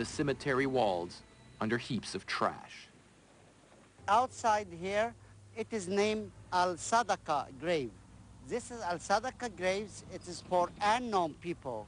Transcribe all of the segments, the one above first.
the cemetery walls under heaps of trash. Outside here, it is named al Sadaka grave. This is al Sadaka graves. It is for unknown people.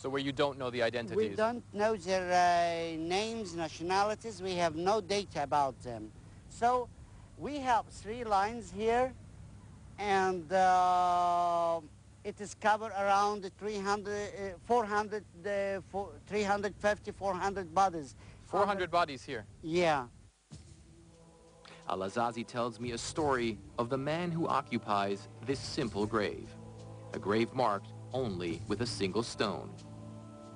So where you don't know the identities? We don't know their uh, names, nationalities. We have no data about them. So we have three lines here, and uh, it is covered around 300, uh, 400, uh, four, 350, uh, 400 bodies. 400 bodies here? Yeah. Al-Azazi tells me a story of the man who occupies this simple grave, a grave marked only with a single stone.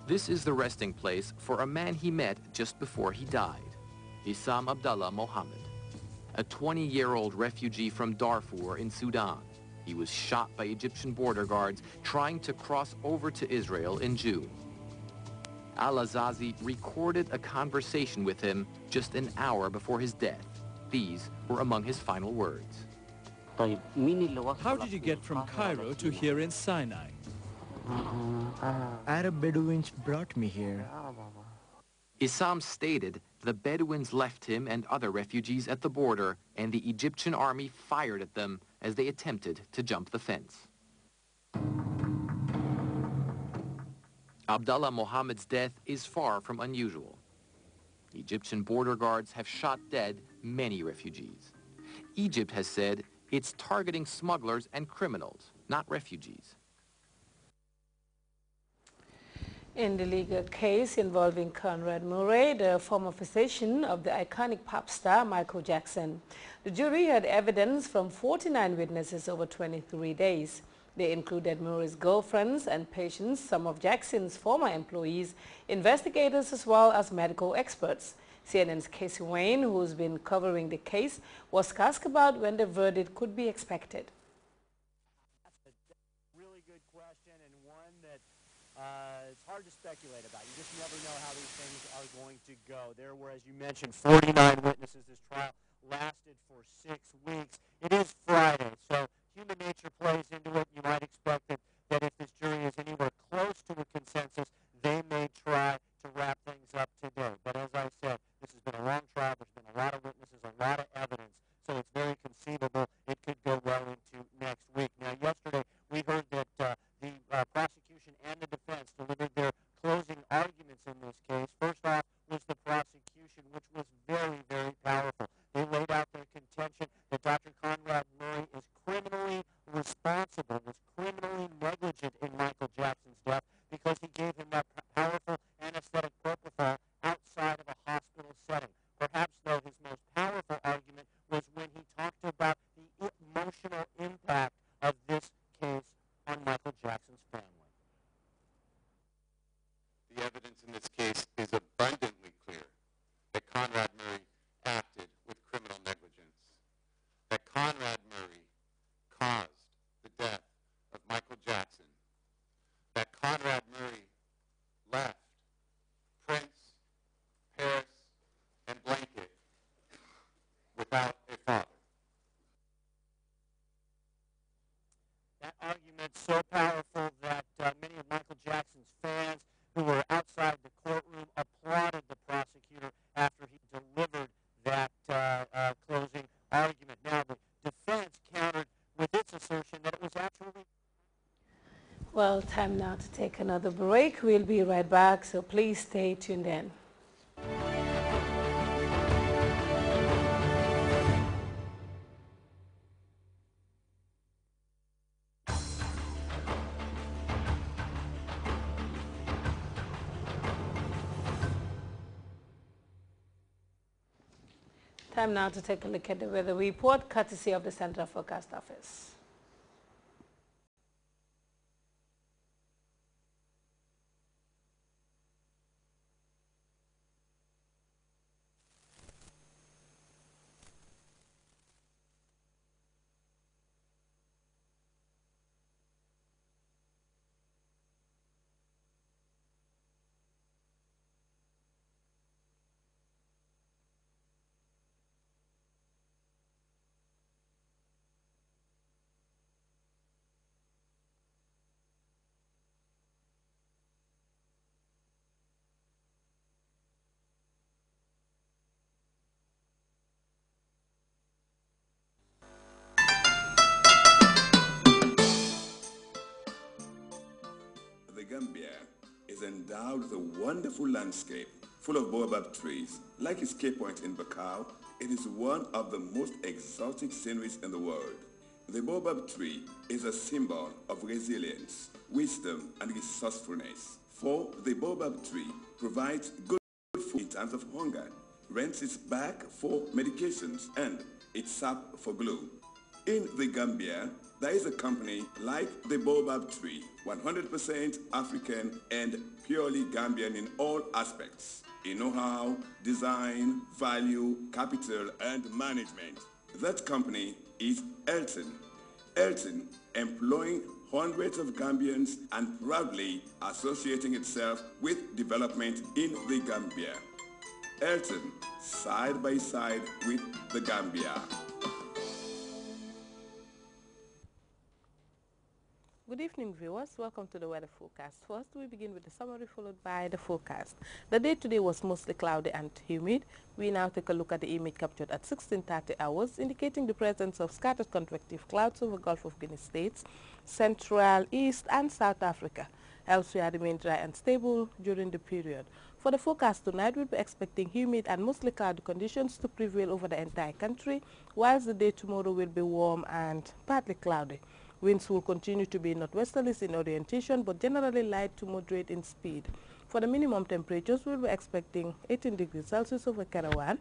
This is the resting place for a man he met just before he died, Isam Abdallah Mohammed, a 20-year-old refugee from Darfur in Sudan. He was shot by Egyptian border guards trying to cross over to Israel in June. Al-Azazi recorded a conversation with him just an hour before his death. These were among his final words. How did you get from Cairo to here in Sinai? Arab Bedouins brought me here. Isam stated the Bedouins left him and other refugees at the border, and the Egyptian army fired at them as they attempted to jump the fence. Abdallah Mohammed's death is far from unusual. Egyptian border guards have shot dead many refugees. Egypt has said it's targeting smugglers and criminals, not refugees. In the legal case involving Conrad Murray, the former physician of the iconic pop star Michael Jackson, the jury heard evidence from 49 witnesses over 23 days. They included Murray's girlfriends and patients, some of Jackson's former employees, investigators as well as medical experts. CNN's Casey Wayne, who's been covering the case, was asked about when the verdict could be expected. it's hard to speculate about. You just never know how these things are going to go. There were, as you mentioned, 49 witnesses. This trial lasted for six weeks. It is Friday, so human nature plays into it. You might expect that, that if this jury is anywhere close to a consensus, they may try to wrap things up today. But as impact of this case on Michael Jackson's family? The evidence in this case is abundantly clear that Conrad Murray acted with criminal negligence, that Conrad Murray caused the death of Michael Jackson, that Conrad time now to take another break. We'll be right back, so please stay tuned in. Time now to take a look at the weather report courtesy of the Central Forecast Office. endowed with a wonderful landscape full of baobab trees. Like its Cape Point in Bacau, it is one of the most exotic sceneries in the world. The baobab tree is a symbol of resilience, wisdom, and resourcefulness. For the baobab tree provides good food in times of hunger, rents its bark for medications, and its sap for glue. In the Gambia, there is a company like the Baobab Tree, 100% African and purely Gambian in all aspects, in know-how, design, value, capital, and management. That company is Elton. Elton, employing hundreds of Gambians and proudly associating itself with development in the Gambia. Elton, side by side with the Gambia. Good evening viewers, welcome to the weather forecast. First we begin with the summary followed by the forecast. The day today was mostly cloudy and humid. We now take a look at the image captured at 16.30 hours indicating the presence of scattered convective clouds over Gulf of Guinea states, Central, East and South Africa. Elsewhere remain dry and stable during the period. For the forecast tonight, we'll be expecting humid and mostly cloudy conditions to prevail over the entire country, whilst the day tomorrow will be warm and partly cloudy. Winds will continue to be northwesterlies in orientation but generally light to moderate in speed. For the minimum temperatures, we'll be expecting 18 degrees Celsius over Karawan,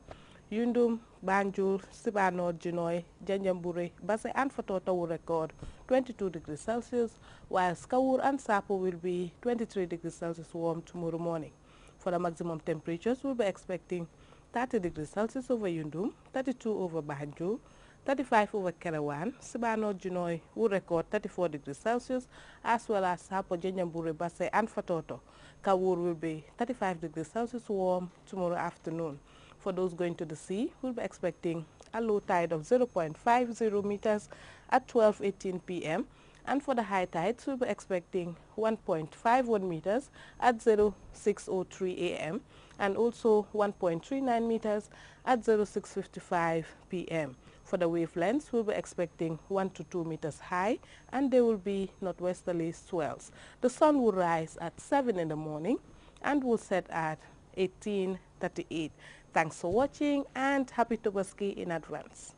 Yundum, Banjul, Sibano, Jinoy, Janjambure, Base and Fatota will record 22 degrees Celsius, while Skawur and Sapo will be 23 degrees Celsius warm tomorrow morning. For the maximum temperatures, we'll be expecting 30 degrees Celsius over Yundum, 32 over Banjul, 35 over Kerawan, Sibano Junoi will record 34 degrees Celsius as well as Hapo Jenjambure Base and Fatoto. Kawur will be 35 degrees Celsius warm tomorrow afternoon. For those going to the sea, we'll be expecting a low tide of 0.50 meters at 12.18 p.m. And for the high tides, we'll be expecting 1.51 meters at 06.03 a.m. and also 1.39 meters at 06.55 p.m. For the wavelengths, we'll be expecting 1 to 2 meters high and there will be northwesterly swells. The sun will rise at 7 in the morning and will set at 1838. Thanks for watching and happy Tobaski in advance.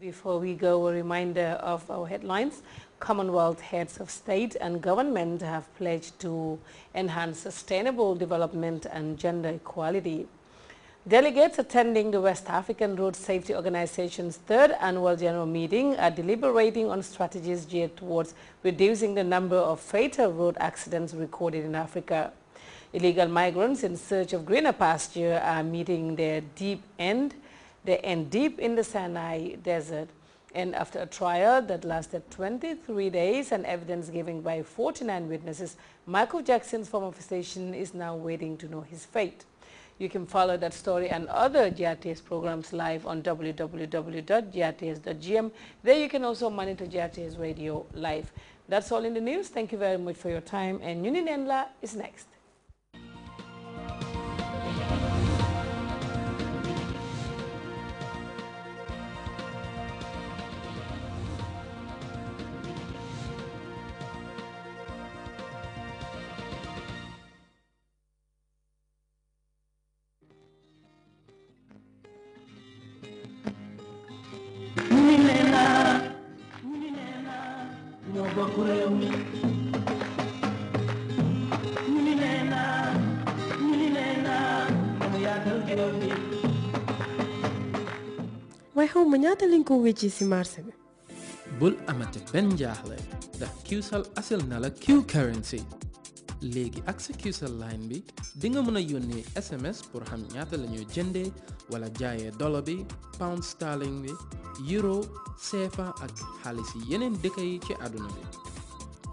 Before we go, a reminder of our headlines. Commonwealth heads of state and government have pledged to enhance sustainable development and gender equality. Delegates attending the West African Road Safety Organization's third annual general meeting are deliberating on strategies geared towards reducing the number of fatal road accidents recorded in Africa. Illegal migrants in search of greener pasture are meeting their deep end, their end deep in the Sinai desert. And after a trial that lasted 23 days and evidence given by 49 witnesses, Michael Jackson's former physician is now waiting to know his fate. You can follow that story and other GRTS programs live on www.grts.gm. There you can also monitor GRTS radio live. That's all in the news. Thank you very much for your time and Union Endla is next. waaye xaw ñaata lañ ko wécci bul amati ben jaaxle ndax qcell asel na la q currency Legi ak sa qcell line bi di nga mën sms pour xam ñaata la ñoo wala jaayee dollar bi pound sterling bi euro seefa ak xaalis yi yeneen dëkk yi ci àdduna bi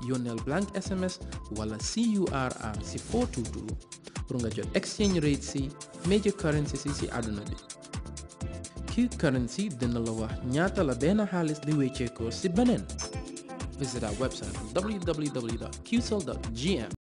yónneel blank sms wala curr si 422 pour nga jot exchange rate si major currency si si àdduna bi Q currency dina la wax ñaata la benn xaalis di wéccee ko ci beneen visit our website www.qcell.gm